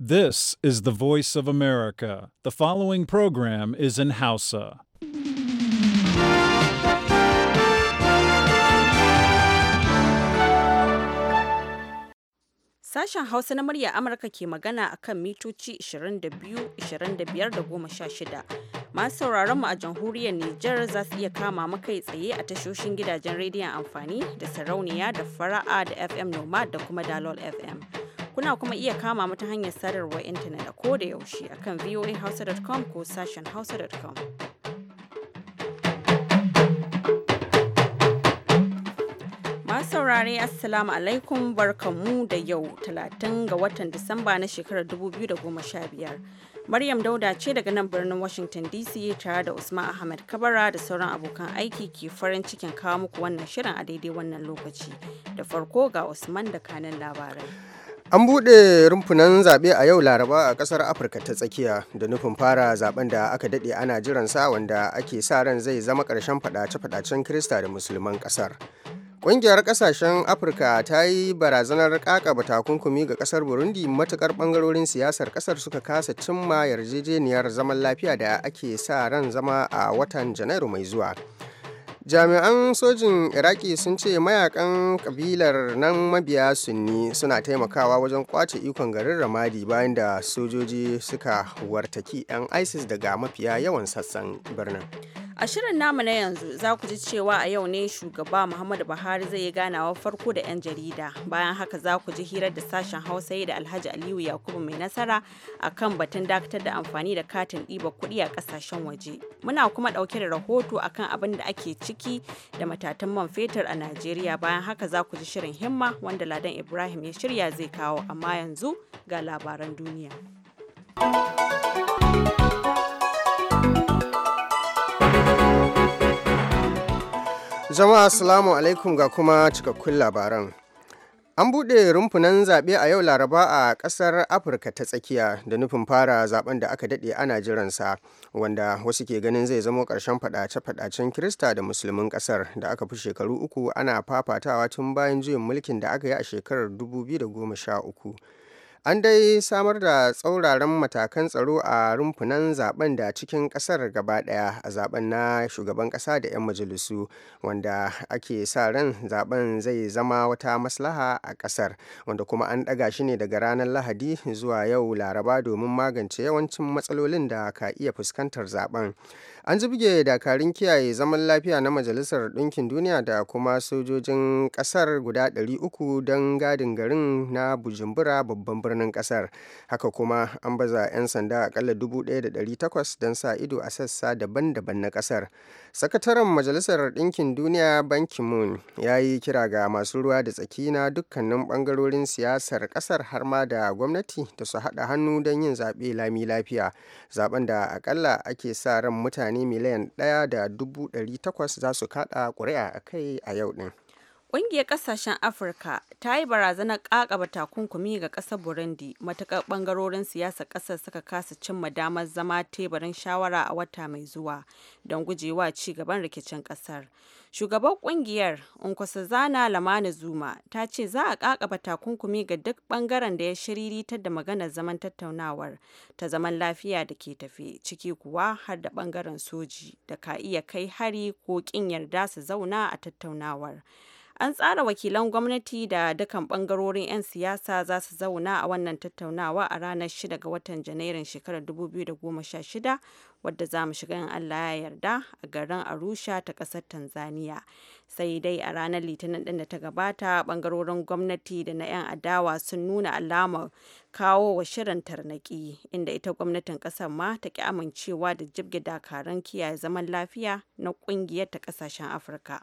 This is the voice of America. The following program is in Hausa. Sashen Hausa na murya Amurka ke magana a kan mitoci 22, 25 da 16. Masu sauraron mu a jamhuriyar Nijar za su iya kama makai tsaye a tashoshin gidajen rediyon amfani da sarauniya da fara'a da FM Nomad da kuma Dalol FM. Kuna kuma iya kama mu ta hanyar sadarwar intanet a ko da yaushe akan voahausa.com ko sashen hausa.com. Masu saurare Assalamu alaikum barkamu da yau 30 ga watan Disamba na shekarar 2015. Maryam Dauda ce daga nan birnin Washington DC tare da Usman Ahmed Kabara da sauran abokan aiki ke farin cikin kawo muku wannan shirin a daidai wannan lokaci. Da farko ga Usman da kanin labarai. An buɗe rumfunan zaɓe a yau Laraba a ƙasar Afirka ta tsakiya da nufin fara zaɓen da aka daɗe ana jiran sa wanda ake sa ran zai zama ƙarshen faɗace-faɗacen Kirista da Musulman ƙasar. Ƙungiyar ƙasashen Afirka ta yi barazanar ƙaƙaba takunkumi ga ƙasar Burundi matuƙar ɓangarorin siyasar ƙasar suka kasa cimma yarjejeniyar zaman lafiya da ake sa ran zama a watan Janairu mai zuwa. jami'an sojin iraki sun ce mayakan kabilar nan mabiya sunni suna taimakawa wajen kwace ikon garin ramadi bayan da sojoji suka wartaki 'yan isis daga mafiya yawan sassan birnin A shirin namu na yanzu za ku ji cewa a yau ne shugaba Muhammadu Buhari zai yi ganawa farko da 'yan jarida. Bayan haka za ku ji hirar da sashen Hausa da Alhaji Aliyu Yakubu mai nasara a kan batun dakatar da amfani da katin ɗiba kuɗi a ƙasashen waje. Muna kuma ɗauke da rahoto a kan abin da ake ciki da matatan man fetur a Najeriya. Bayan haka za ku ji shirin himma wanda Ladan Ibrahim ya shirya zai kawo amma yanzu ga labaran duniya. Jama'a asalamu alaikum ga kuma cikakkun labaran. An buɗe rumfunan zaɓe a yau Laraba a ƙasar Afirka ta tsakiya da nufin fara zaben da aka daɗe ana jiransa wanda wasu ke ganin zai zamo ƙarshen faɗace-faɗacen Kirista da Musulmin ƙasar da aka fi shekaru uku ana fafatawa tun bayan juyin mulkin da aka yi a shekarar 2013. an dai samar da tsauraran matakan tsaro a rumfunan zaben da cikin kasar gaba daya a zaben na shugaban kasa da 'yan majalisu wanda ake sa ran zaben zai zama wata maslaha a kasar wanda kuma an daga shi ne daga ranar lahadi zuwa yau laraba domin magance yawancin matsalolin da ka iya fuskantar zaben an jibge dakarun kiyaye zaman lafiya na majalisar ɗinkin duniya da kuma sojojin kasar guda 300 don gadin garin na bujumbura babban birnin kasar haka kuma an baza 'yan sanda akalla 1,800 don sa ido a sassa daban-daban na kasar sakataren majalisar ɗinkin duniya banki moon ya yi kira ga masu ruwa da tsaki na dukkanin ɓangarorin siyasar kasar har ma da gwamnati da su haɗa hannu don yin zaɓe lami lafiya zaben da akalla ake sa ran mutane miliyan ɗaya da dubu ɗari takwas za su kaɗa ƙuri'a a kai a yau ɗin. Ƙungiyar ƙasashen Afirka ta yi barazanar ƙaƙaba takunkumi ga ƙasar Burundi matuƙar ɓangarorin siyasa ƙasar suka kasa cimma damar zama teburin shawara a wata mai zuwa don gujewa ci gaban rikicin ƙasar. Shugaban ƙungiyar Nkosazana Lamani Zuma ta ce za a ƙaƙaba takunkumi ga duk ɓangaren da ya shiririta da maganar zaman tattaunawar ta zaman lafiya da ke tafe ciki kuwa har da ɓangaren soji da ka iya kai hari ko ƙin yarda su zauna a tattaunawar. An tsara wakilan gwamnati da dukkan bangarorin 'yan siyasa za su zauna a wannan tattaunawa a ranar 6 ga watan Janairun shekarar 2016 wadda za mu shiga in Allah ya yarda a garin Arusha ta ƙasar Tanzania. Sai dai a ranar Litinin ɗin da ta gabata ɓangarorin gwamnati da na 'yan adawa sun nuna alamar kawo wa shirin tarnaki inda ita gwamnatin ƙasar ma ta ki amincewa da jibge dakarun kiyaye zaman lafiya na ƙungiyar ta ƙasashen Afirka.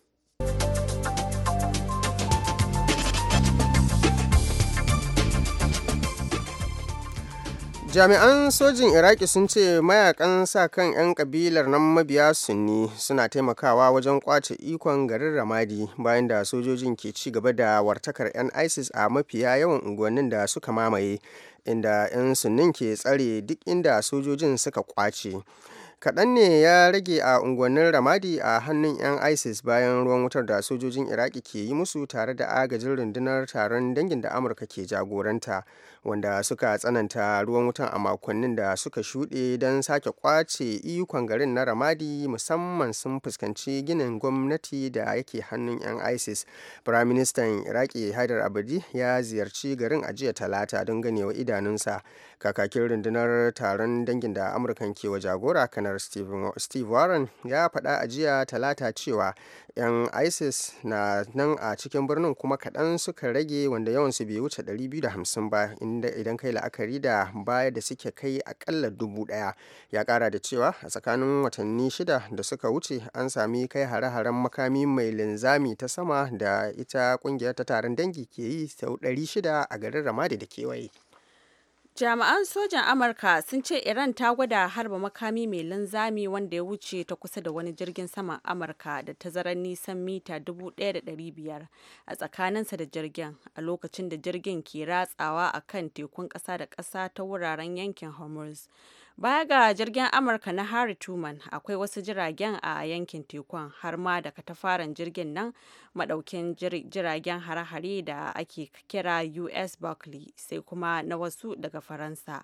jami'an sojin iraki sun ce mayakan sa kan 'yan kabilar nan mabiya sunni suna taimakawa wajen kwace ikon garin ramadi bayan da sojojin ke ci gaba da wartakar 'yan isis a mafiya yawan unguwannin da suka mamaye inda 'yan sunnin ke tsare duk inda sojojin suka kwace kaɗan ne ya rage a unguwannin ramadi a hannun 'yan isis bayan ruwan wutar da sojojin iraki ke yi musu tare da agajin rundunar taron dangin da amurka ke jagoranta wanda suka tsananta ruwan wutan a makonnin da suka shuɗe don sake kwace ikon garin na ramadi musamman sun fuskanci ginin gwamnati da yake hannun 'yan isis firaministan iraki haidar abadi ya ziyarci garin a talata don ganewa idanunsa kakakin rundunar taron dangin da amurkan ke wa jagora kanar steve warren ya faɗa a jiya talata cewa 'yan isis na nan a cikin birnin kuma kaɗan suka rage wanda yawan su bai wuce 250 ba idan kai la'akari da baya da suke kai akalla dubu ɗaya ya ƙara da cewa a tsakanin watanni shida da suka wuce an sami kai hare-haren makami mai linzami ta sama da ita ƙungiyar ta taron dangi ke yi sau 600 a garin ramadi da kewaye Jami'an sojan Amurka sun ce Iran ta gwada harba makami mai linzami wanda ya wuce ta kusa da wani jirgin saman Amurka da tazarar nisan mita 1,500 a tsakaninsa da jirgin a lokacin da jirgin ke ratsawa a kan tekun ƙasa da ƙasa ta wuraren yankin Hormuz. Baya ga jirgin Amurka na Harry Truman akwai wasu jiragen a yankin tekun har ma da katafaren jirgin nan madaukin jiragen hare-hare da ake kira US Barclay sai kuma na wasu daga Faransa.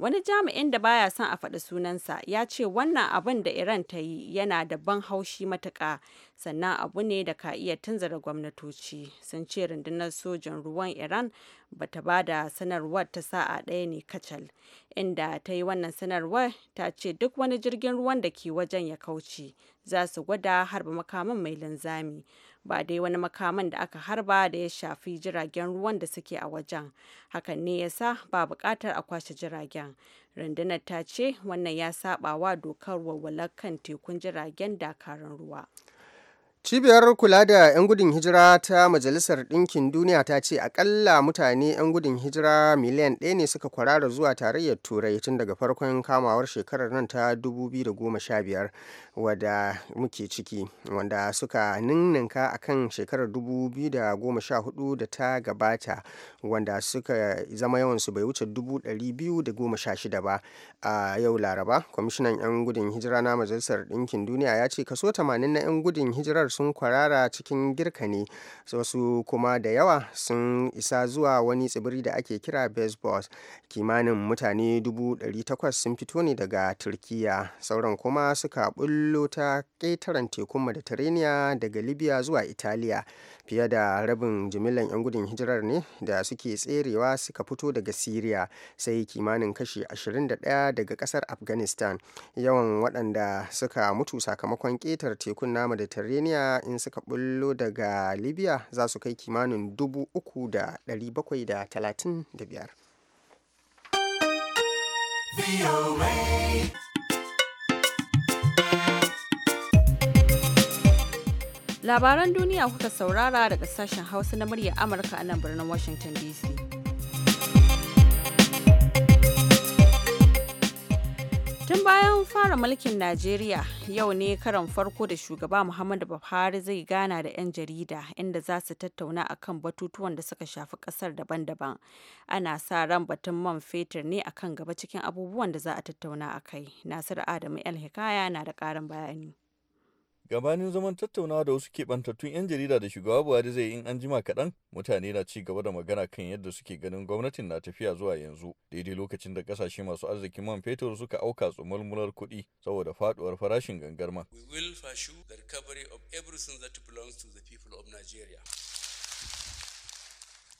Wani jami'in da baya son a faɗi sunansa ya ce wannan abin da Iran ta yi yana da ban haushi matuka sannan abu ne da ka iya tunzara gwamnatoci sun ce rundunar sojan ruwan Iran ba ta ba da sanarwar ta sa'a ɗaya ne kacal inda ta yi wannan sanarwar ta ce duk wani jirgin ruwan da ke wajen ya kauce za su gwada harba makaman mai linzami. ba dai wani makaman da aka harba da ya shafi jiragen ruwan da suke a wajen hakan ne yasa ba bukatar a kwashe jiragen rundunar ta ce wannan ya saba dokar walwalar kan tekun jiragen dakarun ruwa Cibiyar kula da 'yan gudun hijira ta Majalisar Ɗinkin Duniya ta ce akalla mutane 'yan gudun hijira miliyan 1 ne suka kwarara zuwa tarayyar Turai tun daga farkon kamawar shekarar nan ta 2015. wadda muke ciki wanda suka ninninka a kan shekarar 2014 da ta gabata wanda suka zama yawansu bai wuce 216 ba a yau laraba kwamishinan 'yan gudun hijira na majalisar ɗinkin duniya ya ce kaso 80 na 'yan gudun hijirar sun kwarara cikin girka ne wasu kuma da yawa sun isa zuwa wani tsibiri da ake kira baseball kimanin mutane 800 sun fito ne daga turkiya sauran kuma suka bullo bullo ta ƙetaren tekun mediterania daga libya zuwa italiya fiye da rabin jimillan 'yan gudun hijirar ne da suke tserewa suka fito daga syria sai kimanin kashi 21 daga ƙasar afghanistan yawan waɗanda suka mutu sakamakon ƙetar tekun na mediterania in suka bullo daga libya za su kai kimanin 3,735 Labaran duniya kuka saurara daga sashen Hausa na murya Amurka a nan birnin Washington DC. Tun bayan fara mulkin Najeriya yau ne karan farko da shugaba Muhammadu Buhari zai gana da 'yan jarida inda za su tattauna akan batutuwan da suka shafi kasar daban-daban. Ana sa ran batun man fetur ne akan gaba cikin abubuwan da za a tattauna a kai. Nasiru Adamu El Hikaya na da karin bayani. gabanin zaman tattaunawa da wasu keɓantattun 'yan jarida da shugaba buhari zai in an jima kaɗan mutane na ci gaba da magana kan yadda suke ganin gwamnatin na tafiya zuwa yanzu daidai lokacin da ƙasashe masu arzikin man fetur suka auka tsumulmular kuɗi saboda faɗuwar farashin gangarma. We will the recovery of people of Nigeria.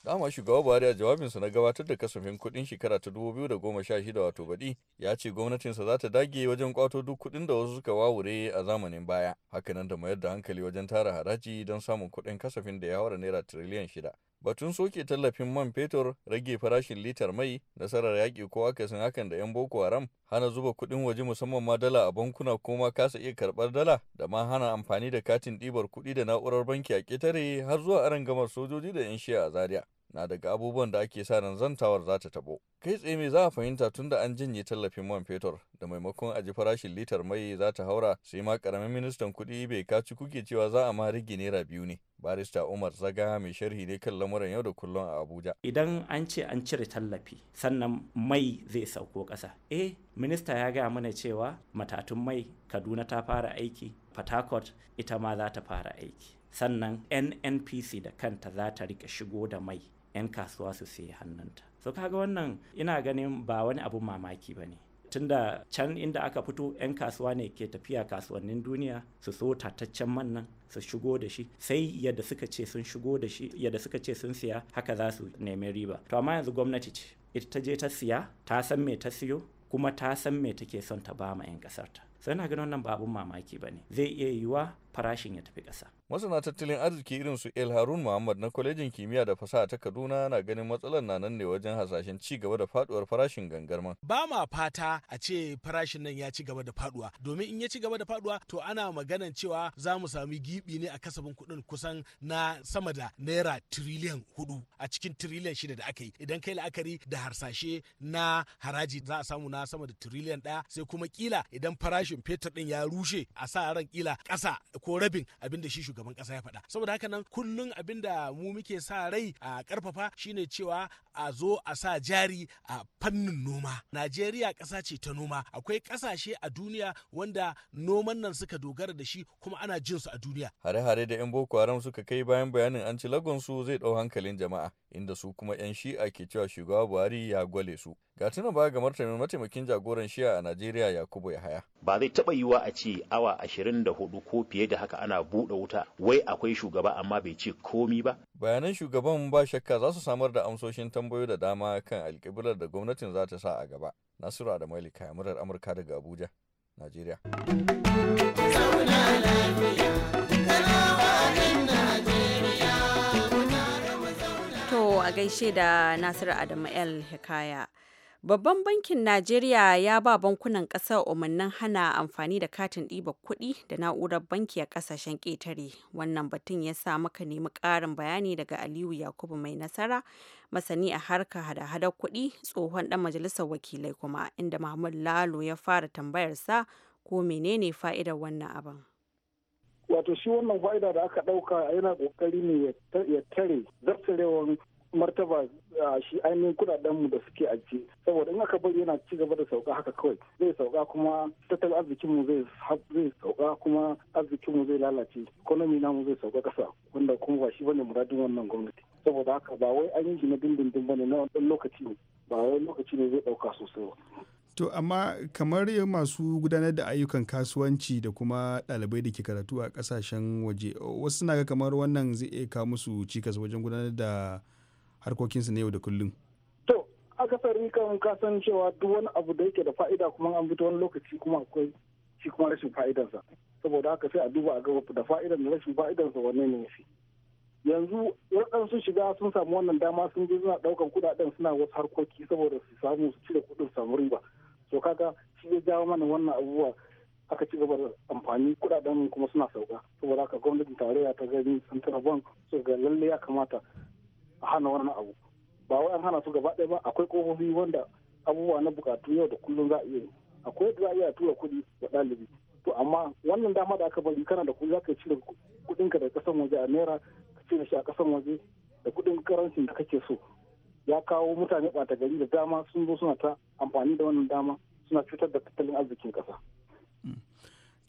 Dama shugaba Buhari a jawabinsa na gabatar da kasafin kudin shekara ta dubu biyu sha shida wato baɗi ya ce gwamnatinsa za ta dage wajen kwato duk kudin da wasu suka wawure a zamanin baya. Hakanan da mayar da hankali wajen tara haraji don samun kudin kasafin da ya haura naira tiriliyan shida Batun soke tallafin man fetur, rage farashin litar mai, nasarar yaƙi ko akasin hakan da 'yan Boko Haram, hana zuba kuɗin waje musamman ma dala a bankuna ko ma kasa iya karɓar dala, da ma hana amfani da katin ɗibar kuɗi da na'urar banki a ƙetare har zuwa gamar sojoji da 'yan shiya a Zaria. na daga abubuwan da ake sa ran zantawar za ta tabo. Kai tsaye mai za a fahimta tun da an jinye tallafin man fetur da maimakon a ji farashin litar mai za ta haura sai ma karamin ministan kuɗi bai kaci kuke cewa za a ma rage naira biyu ne. Barista Umar Zaga mai sharhi ne kan lamuran yau da kullum a Abuja. Idan an ce an cire tallafi sannan mai zai sauko ƙasa. Eh, minista ya gaya mana cewa matatun mai Kaduna ta fara aiki, Fatakot ita ma za ta fara aiki. Sannan NNPC da kanta za ta rika shigo da mai 'yan kasuwa su sai hannunta so kaga wannan ina ganin ba wani abun mamaki ba ne tunda can inda aka fito 'yan kasuwa ne ke tafiya kasuwannin duniya su so tataccen mannan su shigo da shi sai yadda suka ce sun shigo da shi yadda suka ce sun siya haka za su nemi riba to amma yanzu gwamnati ce ita ta je ta siya ta san me ta siyo kuma ta san me take son ta bama ma 'yan ƙasarta sai na ganin wannan babun mamaki ba ne zai iya yiwuwa farashin ya tafi ƙasa. Masana tattalin arziki irin su El Harun Muhammad na kwalejin kimiyya da fasaha ta Kaduna na ganin matsalar na nan ne wajen hasashen ci gaba da faduwar farashin gangarman. Ba ma fata a ce farashin nan ya ci gaba da faduwa domin in ya ci gaba da faduwa to ana maganan cewa za mu sami gibi ne a kasafin kuɗin kusan na sama da naira tiriliyan hudu a cikin tiriliyan shida da aka yi idan kai la'akari da harsashe na haraji za a samu na sama da tiriliyan ɗaya sai kuma kila idan farashin farashin fetur din ya rushe a sa ran kila ƙasa ko rabin abinda shi shugaban ƙasa ya faɗa saboda haka nan kullun abinda mu muke sa rai a karfafa shine cewa a zo a sa jari a fannin noma najeriya kasa ce ta noma akwai ƙasashe a duniya wanda noman nan suka dogara da shi kuma ana jin su a duniya hare-hare da 'yan boko haram suka kai bayan bayanin an ci lagonsu zai ɗau hankalin jama'a inda su kuma 'yan shi'a ke cewa shugaba buhari ya gwale su ga tuna ba ga martanin mataimakin jagoran shi'a a najeriya yakubu yahaya ba zai taɓa yiwa a ce awa ashirin da hudu ko fiye da haka ana buɗe wuta wai akwai shugaba amma bai ce komi ba. Bayanan shugaban ba shakka za su samar da amsoshin tambayo da dama kan alkiblar da gwamnatin za ta sa a gaba. Nasiru da Malika murar Amurka daga Abuja, Najeriya. To a gaishe da Nasiru Adamu El Hikaya. Babban bankin Najeriya ya ba bankunan ƙasar umarnin hana amfani da katin ɗiba kuɗi da na'urar banki a ƙasashen ƙetare. Wannan batun ya sa muka nemi ƙarin bayani daga Aliyu Yakubu mai nasara, masani a harka hada-hadar kuɗi, tsohon ɗan majalisar wakilai kuma, inda Mahmud Lalo ya fara tambayarsa ko menene fa'idar wannan abin. wato shi wannan fa'ida da aka ɗauka yana ƙoƙari ne ya tare zartarewar martaba shi ainihin kudaden mu da suke ajiye saboda in aka bari yana ci gaba da sauka haka kawai zai sauka kuma tattalin arzikin mu zai zai sauka kuma arzikin mu zai lalace economy na mu zai sauka kasa wanda kuma ba shi bane muradin wannan gwamnati saboda haka ba wai an yi shi na dindindin bane na wani lokaci ne ba wai lokaci ne zai dauka sosai ba To amma kamar masu gudanar da ayyukan kasuwanci da kuma ɗalibai da ke karatu a ƙasashen waje wasu na ga kamar wannan zai iya kawo musu cikas wajen gudanar da harkokinsu na yau da kullum to akasari kan kasan cewa duk wani abu da yake da fa'ida kuma an fito wani lokaci kuma akwai shi kuma rashin fa'idarsa saboda haka sai a duba a ga da fa'idan da rashin fa'idarsa wanne ne shi. yanzu waɗansu shiga sun samu wannan dama sun je suna ɗaukan kuɗaɗen suna wasu harkoki saboda su samu su cire kuɗin samu riba To kaga shi ya jawo mana wannan abubuwa aka ci gaba da amfani kuɗaɗen kuma suna sauka saboda haka gwamnatin tarayya ta gani central bank su ga lalle ya kamata a hana wani abu ba wai an hana su gaba ɗaya ba akwai ƙofofi wanda abubuwa na bukatu yau da kullum za a iya akwai yadda za a iya tura kuɗi wa ɗalibi to amma wannan dama da aka bari kana da kuɗi za ka cire ka da ƙasan waje a naira ka cire shi a ƙasan waje da kuɗin karancin da kake so ya kawo mutane ɓata gari da dama sun zo suna ta amfani da wannan dama suna cutar da tattalin arzikin ƙasa. Hmm.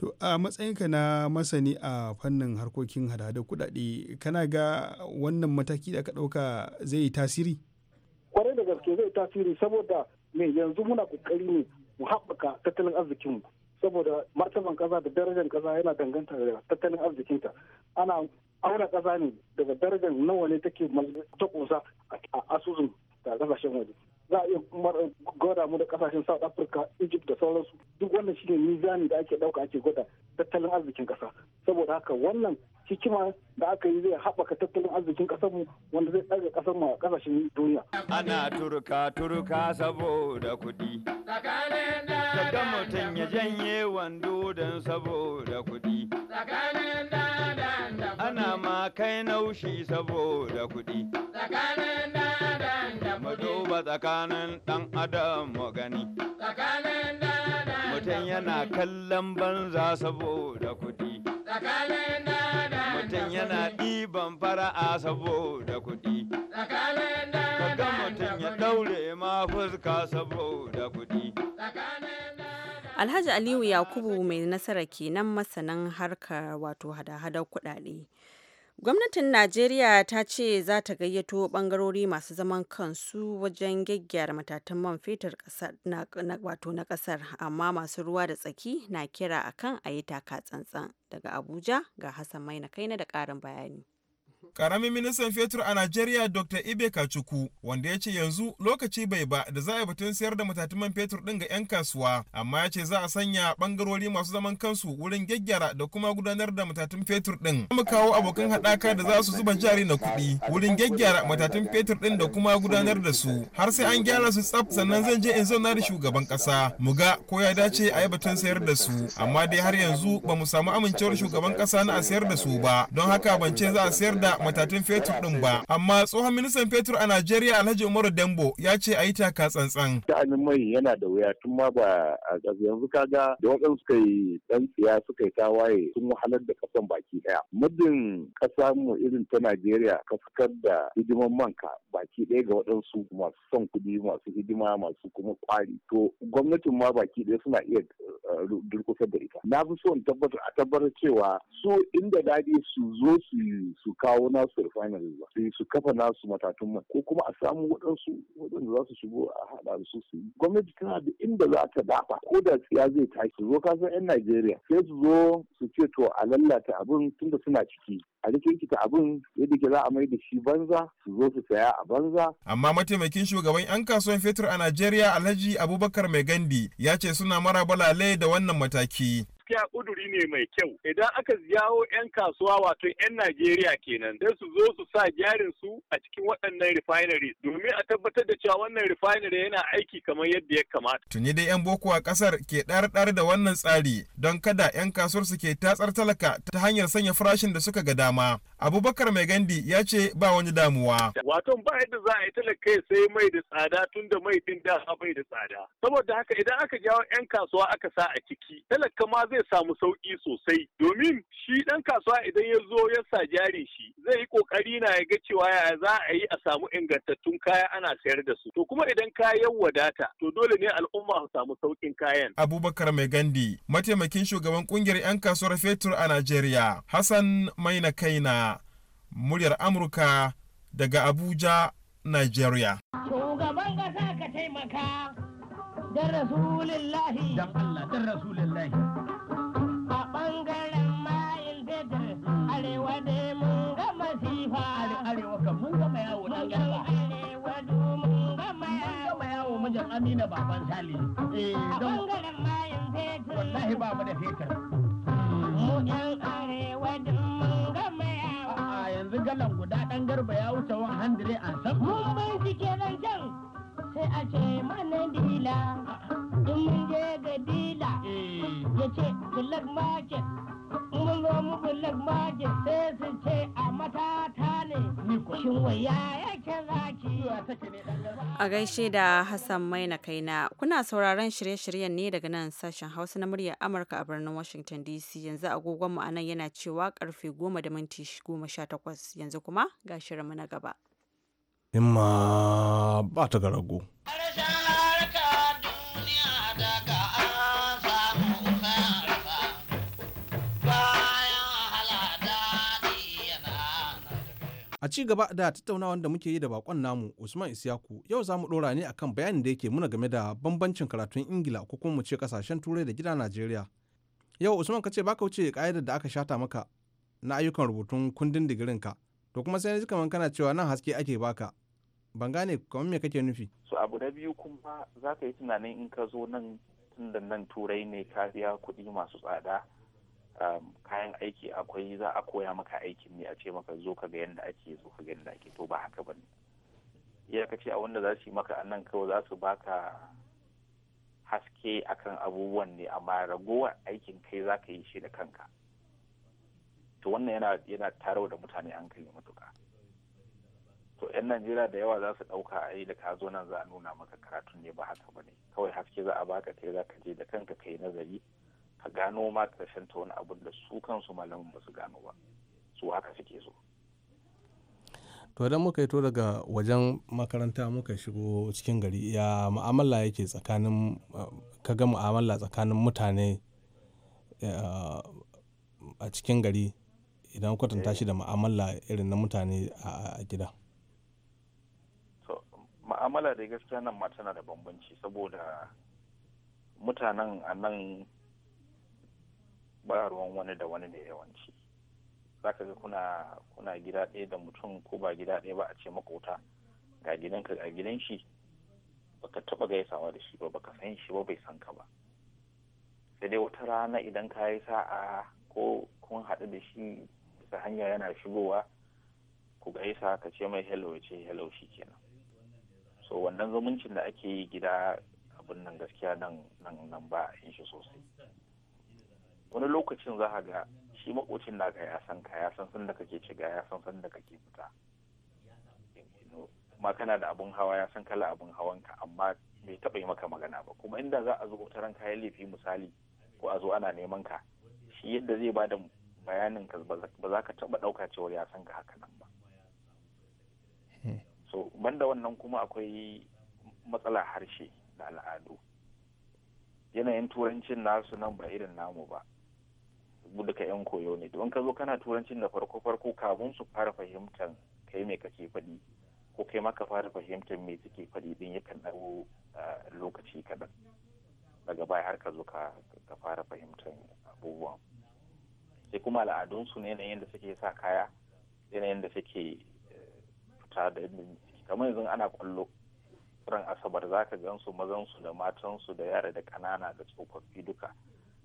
To a matsayinka na masani a fannin harkokin hada-hadar kuɗaɗe kana ga wannan mataki da aka ɗauka zai yi tasiri? Kwarai da gaske zai tasiri saboda me yanzu muna kokari ne mu haɓaka tattalin arzikinmu saboda martaban ƙasa da darajar ƙasa yana danganta da tattalin arzikinta ana auna ƙasa ne daga darajar nawa ne take ta ƙusa a asusun da kasashen waje za a iya gwada mu da kasashen south africa egypt da sauransu duk wannan shine mizani da ake dauka ake gwada tattalin arzikin kasa saboda haka wannan hikima da aka yi zai haɓaka tattalin arzikin mu wanda zai kasar mu a kasashen duniya. Ana turka turka saboda kuɗi. Daga mutum ya janye wando don saboda kuɗi. Ana ma kai naushi saboda kuɗi. duba tsakanin ɗan adam mu gani. Tsakanin Mutum yana kallon banza saboda kudi Tsakanin Mutum yana ɗiban fara'a saboda kudi Tsakanin mutum ya ɗaure ma fuska saboda kudi Alhaji Aliyu Yakubu mai nasara kenan masanin harkar wato hada-hadar kuɗaɗe. Gwamnatin Najeriya ta ce za ta gayyato bangarori masu zaman kansu wajen gyaggyara matatan man fetur wato na ƙasar, amma masu ruwa da tsaki na kira akan a yi taka tsantsan. Daga Abuja ga Hassan Maina kaina da ƙarin bayani. Karamin ministan fetur a Najeriya Dr. Ibe Kachuku wanda ya ce yanzu lokaci bai ba da za a yi batun sayar da matatuman fetur ɗin ga 'yan kasuwa amma ya ce za a sanya ɓangarori masu zaman kansu wurin gyaggyara da kuma gudanar da matatun fetur ɗin Mu kawo abokan haɗaka da za su zuba jari na kuɗi wurin gyaggyara matatun fetur ɗin da kuma gudanar da su har sai an gyara su tsaf sannan zan je in zauna da shugaban ƙasa mu ga ko ya dace a yi batun sayar da su amma dai har yanzu ba mu samu amincewar shugaban ƙasa na a sayar da su ba don haka ban ce za a sayar da matatun fetur din ba amma tsohon ministan fetur a Najeriya Alhaji Umaru Dembo ya ce a yi taka tsantsan sha'anin mai yana da wuya tun ma ba a yanzu ka ga? da waɗansu suka yi ɗan tsiya suka yi tawaye sun wahalar da ƙasan baki ɗaya. muddin ƙasa mu irin ta Najeriya ka fitar da hidiman manka baki ɗaya ga waɗansu masu son kuɗi masu hidima masu kuma kwari to gwamnatin ma baki ɗaya suna iya durkusar da ita na fi so in tabbatar a tabbatar cewa su inda dadi su zo su su kawo nasu refinery ba sai su kafa nasu matatun man ko kuma a samu waɗansu waɗanda za su shigo a haɗa da su su yi gwamnati tana da inda za ta dafa ko da tsiya zai tashi su zo kasan yan najeriya sai su zo su ce to a lallata abin tunda suna ciki a rikirkita abun yadda ke za a mai da shi banza su zo su saya a banza. Amma mataimakin shugaban 'yan kasuwan fetur a Najeriya Alhaji Abubakar Mai Gandi ya ce suna mara balale da wannan mataki. gaskiya kuduri ne mai kyau idan aka jawo 'yan kasuwa wato 'yan Najeriya kenan sai su zo su sa jarin su a cikin waɗannan refinery domin a tabbatar da cewa wannan refinery yana aiki kamar yadda ya kamata. Tuni dai 'yan boko a ƙasar ke ɗar-ɗar da wannan tsari don kada 'yan kasuwar su ke tatsar talaka ta hanyar sanya farashin da suka ga dama. Abubakar Mai Gandi ya ce ba wani damuwa. Wato ba yadda za a yi talaka ya sai mai da tsada tunda mai din da bai da tsada. Saboda haka idan aka jawo 'yan kasuwa aka sa a ciki talaka ma zai zai samu sauƙi sosai domin shi ɗan kasuwa idan ya zo ya sa jari shi zai yi ƙoƙari na ya ga cewa ya za a yi a samu ingantattun kaya ana sayar da su to kuma idan kayan wadata to dole ne al'umma su samu saukin kayan. Abubakar Mai Gandi mataimakin shugaban ƙungiyar 'yan kasuwar fetur a Najeriya Hassan Maina Kaina muryar Amurka daga Abuja nigeria. Shugaban ƙasa ka taimaka. dan rasulillahi dan Allah dan rasulillahi bangaren mayin fetur arewa ne mun ga masifa arewa kan mun gama yawo dan yarba arewa du mun gama yawo mijin amina baban sali eh mayin wallahi ba mu da mu yan arewa du mun ga yawo a yanzu galan guda dan garba ya wuce 100 an san mun ban shi kenan can sai a ce mana dila mun je ga dila eh. ya ce black market mun zo mu black market sai su ce a matata ne shin waya yake zaki a gaishe da Hassan Maina kaina kuna sauraron shirye-shiryen ne daga nan sashen Hausa na muryar Amurka a birnin Washington DC yanzu agogon a nan yana cewa karfe 10 da minti 18 yanzu kuma ga shirinmu na gaba. Imma ba ta garago. A ci gaba da tattaunawa da muke yi da bakon namu Usman Isiyaku yau za mu ɗora ne akan bayanin da yake muna game da bambancin karatun Ingila ko kuma mu ce kasashen Turai da gida Najeriya. Yau Usman ka ce baka wuce ka'idar da aka shata maka na ayyukan rubutun kundin digirin ka. To kuma sai ji kamar kana cewa nan haske ake baka. Ban gane kamar me kake nufi. su abu na biyu kuma za ka yi tunanin in ka zo nan tun da nan Turai ne ka biya kuɗi masu tsada. Um, kayan aiki akwai za a koya maka aikin ne a ce maka zo ka ga yadda ake zo ka ga yadda ake to ba haka ba ne a wanda za su yi maka nan kawai za su baka haske akan abubuwan ne amma ragowar aikin kai za ka yi shi da kanka to wannan yana yana tarau da mutane an hankali matuka to yan najeriya da yawa za su ɗauka a yi da ka zo nan za a nuna maka karatun ne ba haka ba ne kawai haske za a baka kai za ka je da kanka ka yi nazari ka gano ma ƙarshen ta wani abun da su kansu malamin ba su gano ba su haka suke so to idan muka yi to daga wajen makaranta muka shigo cikin gari ya mu'amala yake tsakanin ka ga mu'amala tsakanin mutane a cikin gari idan kwatanta shi da mu'amala irin na mutane a gida ma'amala da gaskiya nan ma tana da bambanci saboda mutanen a nan ba ruwan wani da wani da yawanci za ka ga kuna gida ɗaya da mutum ko ba gida ɗaya ba a ce makota ga gidanka ga gidan shi baka taba gaisawa da shi ba baka san shi ba bai san ka ba sai dai wata rana idan ka yi sa'a ko kun haɗu da shi ta hanya yana shigowa ku gaisa ka ce mai hello ce hello shi kenan so wannan zumuncin da ake yi gida abin nan gaskiya nan nan ba a yin shi sosai wani lokacin za ka ga shi makocin naka ya san ka ya san san da kake shiga ya san san da kake fita kuma kana da abun hawa ya san kala abun hawan ka amma bai taɓa yi maka magana ba kuma inda za a zo ta kayan laifi misali ko a zo ana neman ka shi yadda zai ba da bayanin ka ba za ka taɓa ɗauka cewar ya san ka haka nan ba so banda wannan kuma akwai matsala harshe da al'adu yanayin turancin nasu nan ba irin namu ba mu ka yan koyo ne don ka zo kana turancin da farko farko kafin su fara fahimtar kai mai kake faɗi ko kai maka fara fahimtar me suke faɗi din yakan ɗau ah, lokaci kaɗan daga baya har ka zo ka fara fahimtar abubuwan sai kuma al'adunsu ne yanayin da suke sa kaya yanayin da suke eh, fita da kamar yanzu ana kwallo ran asabar za ka gan su mazansu da matansu da yara da kanana da tsofaffi duka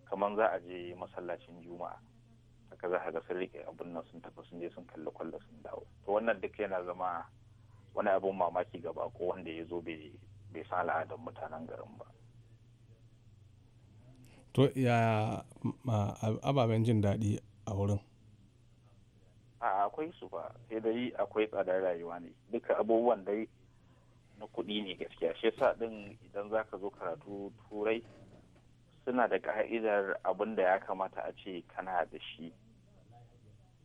kamar za a je masallacin juma'a haka za a ga sun rike abun nan sun tafi sun je sun kalli kwallo sun dawo to wannan duk yana zama wani abun mamaki gaba ko wanda ya zo bai san al'adar mutanen garin ba to ya ababen jin daɗi a wurin a akwai su ba sai dai akwai tsadar rayuwa ne duka abubuwan dai na kuɗi ne gaskiya shi sa din idan zaka zo karatu turai suna da ka'idar abin da ya kamata a ce kana da shi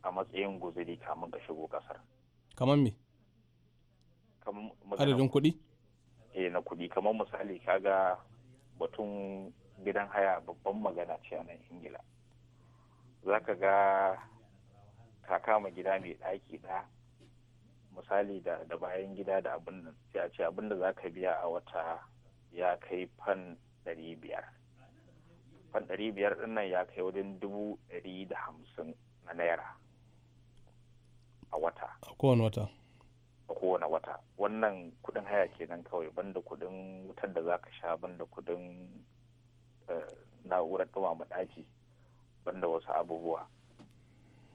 a matsayin guziri kamun ka shigo kasar kamar me adadin kuɗi eh na kuɗi kamar misali kaga batun gidan haya babban magana ce a nan ingila za ka ga ka kama gida mai ɗaki ɗaya misali da bayan gida da abin ce abin da za ka biya a wata ya kai fan ɗari biyar fan ɗari biyar ɗin nan ya kai wajen dubu ɗari da hamsin na naira a wata a kowane wata a kowane wata wannan kuɗin haya kenan kawai banda kuɗin wutar da za ka sha banda kuɗin eh, na'urar ɗumama ɗaki banda wasu abubuwa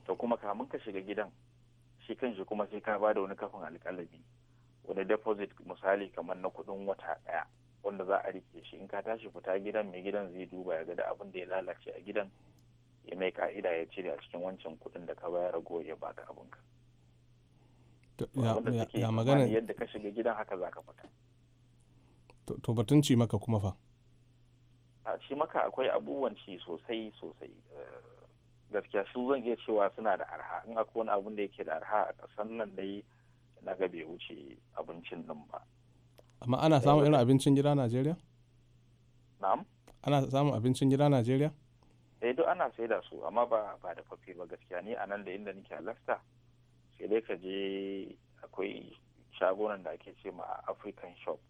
to kuma kamun ka shiga gidan shi kan shi kuma sai ka ba da wani kafin alƙalami wani deposit misali kamar na kuɗin wata ɗaya wanda za a rike shi in ka tashi fita gidan mai gidan zai duba ya ga da abin da ya lalace a gidan ya mai ka'ida ya cire a cikin wancan kuɗin da ka bayar rago ya baka abinka ya magana yadda ka shiga gidan haka za ka fita to batun ci maka kuma fa a ci maka akwai abubuwan ci sosai sosai eh, gaskiya su zan iya cewa suna da arha in akwai wani abin da yake da arha a kasan nan dai na ga bai wuce abincin nan ba amma ana eh, samun irin abincin gida najeriya na'am ana samun abincin gida najeriya eh duk ana sai da su amma ba ba da ba gaskiya ni a nan da inda nake halasta sai dai ka je akwai shagunan da ake ce ma african shop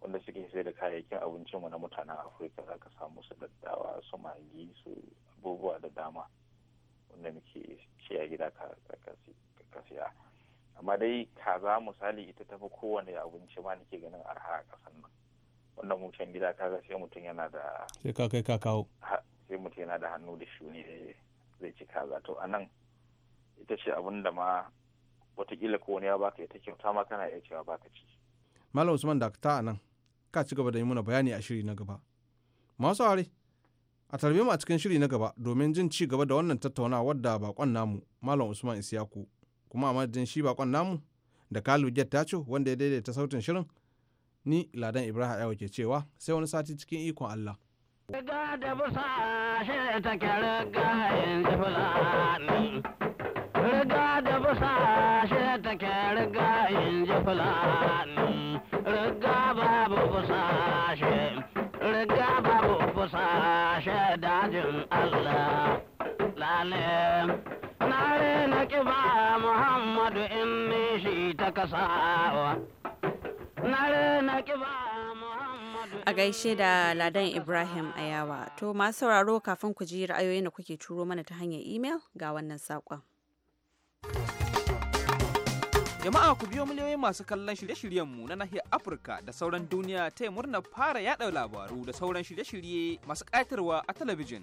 wanda suke sai da kayayyakin mu na mutanen afirka za ka samu su daddawa su magi su abubuwa da dama wanda muke ci a gida ka siya amma dai kaza misali ita tafi kowane abinci ma nake ganin arha a ƙasar nan wannan mucin gida kaga sai mutum yana da sai ka kai ka sai mutum yana da hannu da shuni zai ci kaza to a nan ita ce abin da ma watakila ko wani ya baka ita kyauta ma kana iya cewa baka ci malam usman ta a nan ka ci gaba da yi muna bayani a shiri na gaba masu aure a tarbe mu a cikin shiri na gaba domin jin ci gaba da wannan tattaunawa wadda bakon namu malam usman isiyaku kuma a madadin shi bakon namu da kalu jet tacho wanda ya daidaita sautin shirin ni ladan ibrahim ayawa ke cewa sai wani sati cikin ikon allah Riga da busa shi ta riga in ji fulani, riga babu busa shi, riga babu busa shi dajin Allah, lalim. haƙi ba Muhammadu in shi ta kasawa. A gaishe da Ladan Ibrahim Ayawa. To masu sauraro kafin ku ji ra'ayoyin da kuke turo mana ta hanyar imel ga wannan saƙon. Jama'a ku biyo miliyoyi masu kallon shirye-shiryenmu na nahiyar Afirka da sauran duniya ta yi murnar fara yada labaru da sauran shirye-shirye masu ƙayatarwa a talabijin.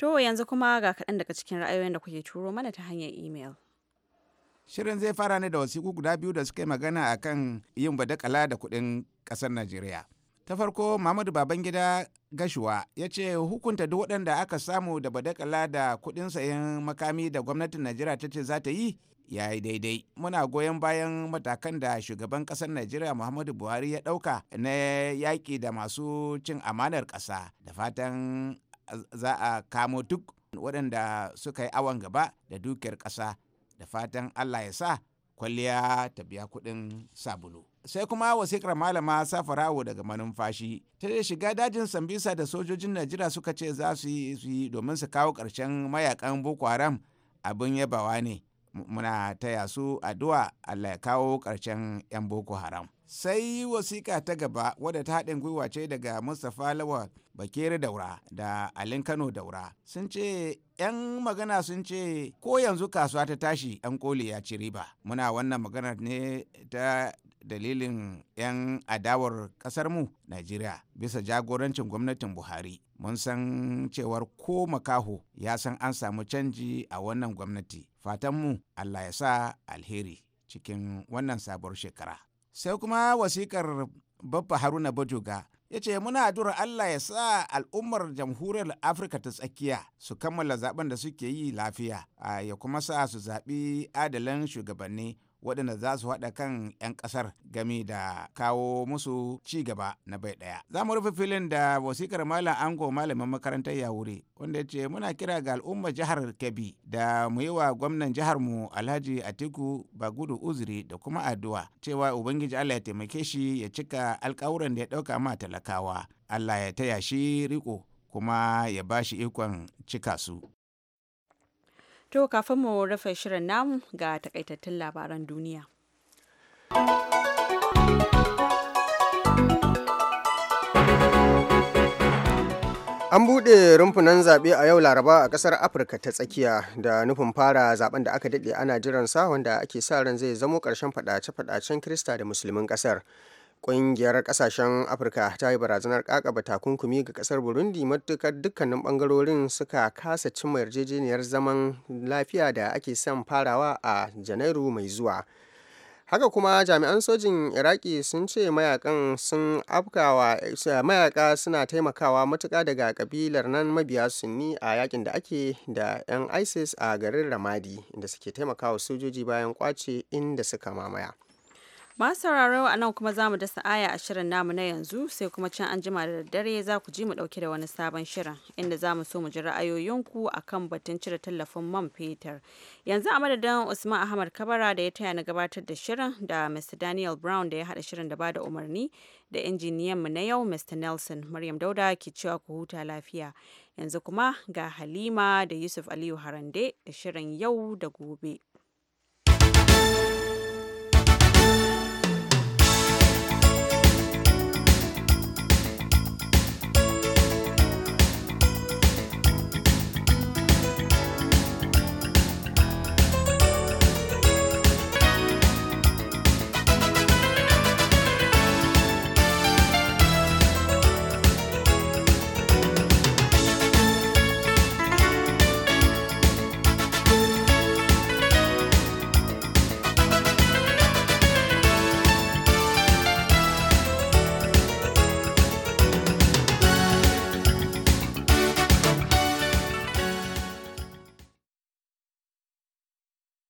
To yanzu kuma ga kaɗan daga cikin ra'ayoyin da kuke turo mana ta hanyar imel. Shirin zai fara ne da wasiku guda biyu da suka yi magana a kan yin badakala da kuɗin ƙasar Najeriya. Ta farko Mamadu Babangida Gashuwa ya ce hukunta duk waɗanda aka samu da badakala da kuɗin sayan makami da gwamnatin Najeriya ta ce za ta yi ya yi daidai. Muna goyon bayan matakan da shugaban ƙasar Najeriya Muhammadu Buhari ya ɗauka na yaƙi da masu cin amanar ƙasa da fatan za a kamo duk waɗanda suka yi awon gaba da dukiyar ƙasa da fatan allah ya sa kwalliya ta biya kuɗin sabulu sai kuma wasiƙar malama safarawo daga manumfashi ta shiga dajin sambisa da sojojin Najira suka ce za su yi domin su kawo ƙarshen mayakan boko haram abin yabawa ne muna taya su addu'a allah ya kawo ƙarshen 'yan boko haram sai wasiƙa ta gaba wadda ta haɗin gwiwa ce daga mustapha lawal bakere daura da alin kano daura sun ce 'yan magana sun ce ko yanzu kasuwa ta tashi 'yan koli ya ci riba muna wannan maganar ne ta dalilin 'yan adawar ƙasarmu najeriya bisa jagorancin gwamnatin buhari mun san cewar ko makaho ya san an samu canji a wannan gwamnati fatanmu allah ya sa alheri cikin wannan sabuwar shekara sai kuma wasikar babba haruna bajoga ya ce muna addu'ar allah ya sa al'ummar jamhuriyar afirka ta tsakiya su kammala zaben da suke yi lafiya ya kuma sa su zaɓi adalin shugabanni waɗanda za su haɗa kan 'yan ƙasar game da kawo musu ci gaba na bai ɗaya. Za mu rufe filin da wasikar Malam Ango malamin makarantar Yawuri wanda ya ce muna kira ga Al'umma jihar Kebbi da mu yi wa gwamnan jihar mu Alhaji Atiku Bagudu Uzuri da kuma addu'a cewa Ubangiji Allah ya taimake shi ya cika alƙawuran da ya ɗauka ma talakawa. Allah ya taya shi riko kuma ya bashi ikon cika su. To kafin mu rufe shirin namu ga takaitattun labaran duniya. An buɗe rumfunan zaɓe a yau Laraba a ƙasar Afirka ta tsakiya da nufin fara zaben da aka daɗe ana jiransa wanda ake sa ran zai zamo ƙarshen faɗace-faɗacen Kirista da Musulmin ƙasar. Ƙungiyar ƙasashen Afirka ta yi barazanar ƙaƙaba takunkumi ga ƙasar Burundi matukar dukkanin bangarorin suka kasa cimma yarjejeniyar zaman lafiya da ake son farawa a Janairu mai zuwa. haka kuma jami'an sojin iraki sun ce mayakan sun afkawa eh, mayaka suna taimakawa matuka daga kabilar nan mabiya sunni a yakin da ake da 'yan isis a garin ramadi inda suke taimakawa sojoji bayan kwace inda suka mamaya Masu sauraro a nan kuma za mu dasa aya a shirin namu na yanzu sai kuma can an jima da daddare za ku ji mu ɗauke da wani sabon shirin inda za mu so mu ji ra'ayoyinku a kan batun cire tallafin man fetur. Yanzu a madadin Usman Ahmad Kabara da ya taya na gabatar da shirin da Mr. Daniel Brown da ya haɗa shirin da bada umarni da injiniyan mu na yau Mr. Nelson Maryam Dauda ke cewa ku huta lafiya. Yanzu kuma ga Halima da Yusuf Aliyu Harande da shirin yau da gobe.